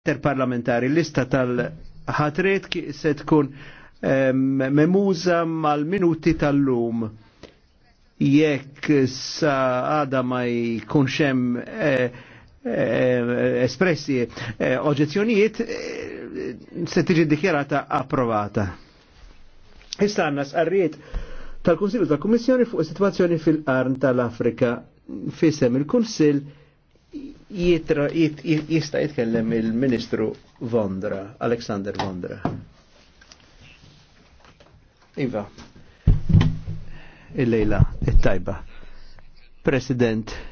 interparlamentari, lista tal-ħatret se tkun memuża mal-minuti tal-lum. Jekk sa għada ma jkunx hemm eh, eh, espressi eh, oġezzjonijiet, se tiġi dikjarata approvata. Issa għanna sqarriet tal kunsill tal-Kummissjoni fuq is-sitwazzjoni fil-qarn tal-Afrika fisem il-Kunsill jitra, jit, jista jitkellem il-Ministru Vondra, Alexander Vondra. Iva, il-lejla, il-tajba. President,